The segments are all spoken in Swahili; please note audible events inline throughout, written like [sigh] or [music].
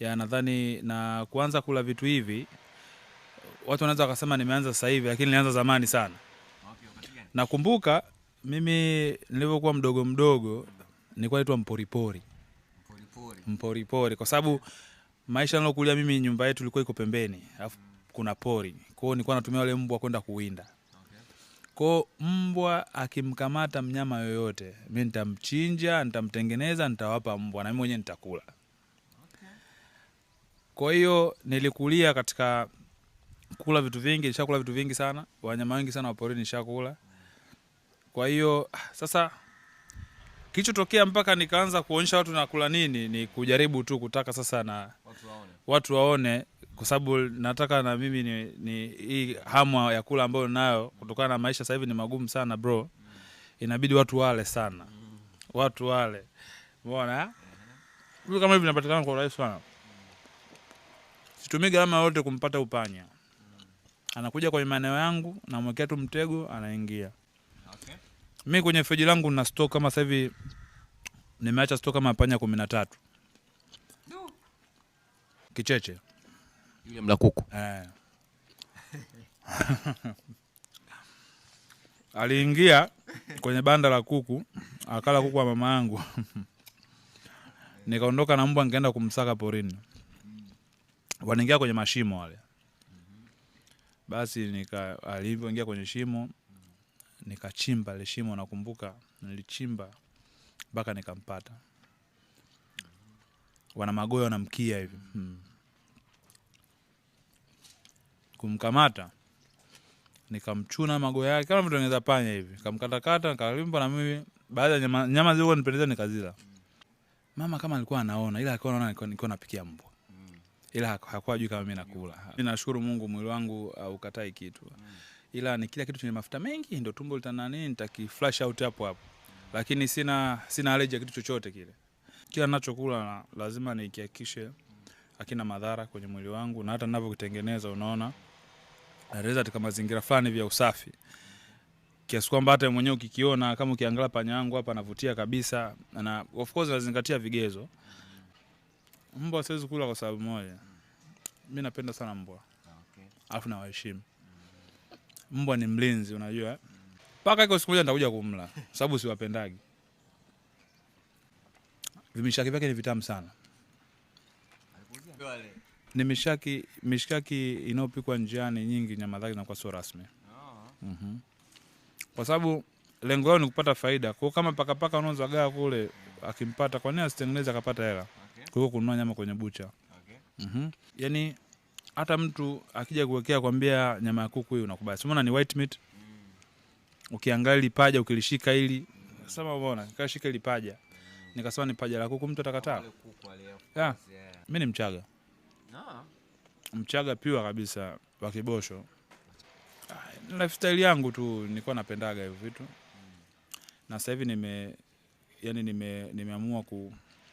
ya nadhani na kuanza kula vitu hivi, watu wanaweza wakasema nimeanza sasa hivi, lakini nilianza zamani sana. Nakumbuka mimi nilivyokuwa mdogo mdogo nilikuwa naitwa mporipori mporipori, kwa sababu maisha nalokulia mimi, nyumba yetu ilikuwa iko pembeni, alafu kuna pori, kwao nilikuwa natumia wale mbwa kwenda kuwinda. Kwa mbwa akimkamata mnyama yoyote, mi nitamchinja, nitamtengeneza, nitawapa mbwa na mi mwenyewe nitakula. Kwa hiyo nilikulia katika kula vitu vingi, nishakula vitu vingi sana, wanyama wengi sana wa porini nishakula. Kwa hiyo sasa kilichotokea mpaka nikaanza kuonyesha watu nakula nini, ni kujaribu tu kutaka sasa na watu waone, waone kwa sababu nataka na mimi ni, ni hii hamwa ya kula ambayo nayo kutokana na maisha sasa hivi ni magumu sana bro, inabidi watu wale sana, mm. watu wale, umeona eh? kama hivi napatikana kwa urahisi sana situmii gharama yote kumpata upanya. Anakuja kwenye maeneo yangu, namwekea tu mtego, anaingia. Okay. Mi kwenye feji langu na stok kama sasa hivi nimeacha stok kama panya kumi na tatu Kicheche yule mla kuku eh. [laughs] aliingia kwenye banda la kuku akala kuku wa mama yangu [laughs] nikaondoka na mbwa, nikaenda kumsaka porini wanaingia kwenye mashimo wale. Basi alivyoingia kwenye shimo nikachimba ile shimo, nakumbuka nilichimba mpaka nikampata. Wana magoya wanamkia hivi hmm. Kumkamata nikamchuna magoya yake kama vitongeza panya hivi, kamkatakata nikalimba, na mimi baadhi ya nyama, nyama zilikuwa nipendeza nikazila. Mama kama alikuwa anaona, ila akiwa naona nikuwa napikia mbwa ila hakuwa ajui kama mimi nakula. Mimi nashukuru Mungu, mwili wangu uh, ukatai kitu, mm. ila ni kila kitu chenye mafuta mengi ndio tumbo litana nini, nitakiflash out hapo hapo, lakini sina sina allergy kitu chochote kile. Kila ninachokula lazima nikihakikishe hakina madhara kwenye mwili wangu, na hata ninavyokitengeneza unaona naeleza katika mazingira fulani vya usafi kiasi kwamba hata mwenyewe ukikiona kama ukiangalia panya wangu hapa anavutia kabisa, na of course nazingatia vigezo Mbwa siwezi kula kwa sababu moja, mi napenda sana mbwa okay. Alafu nawaheshimu mbwa, ni mlinzi, unajua mpaka iko siku moja nitakuja kumla, sababu siwapendagi. Vimishaki vyake ni vitamu sana, ni mishaki mishkaki inayopikwa njiani nyingi, nyama zake zinakuwa sio rasmi mm -hmm. Kwa sababu lengo lao ni kupata faida kwao, kama pakapaka unaozagaa kule akimpata, kwa nini asitengeneze akapata hela? kuliko kununua nyama kwenye bucha. Okay. Mm -hmm. Yani hata mtu akija kuwekea kwambia nyama ya kuku hii unakubali. simona ni white meat. Mm. Ukiangalia lipaja ukilishika hili sema umeona kashika hili paja. Nikasema ni paja la kuku mtu atakataa. Yeah. mi ni Mchaga. No. Mchaga piwa kabisa wa Kibosho. Lifestyle yangu tu nilikuwa napendaga hivyo vitu. Mm. Na sahivi nime yani nime nimeamua ku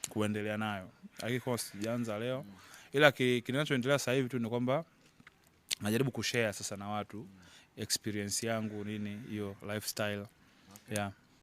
kuendelea nayo, lakini kwa sijaanza leo, ila kinachoendelea sasa hivi tu ni kwamba najaribu kushare sasa na watu experience yangu nini hiyo lifestyle okay. yeah.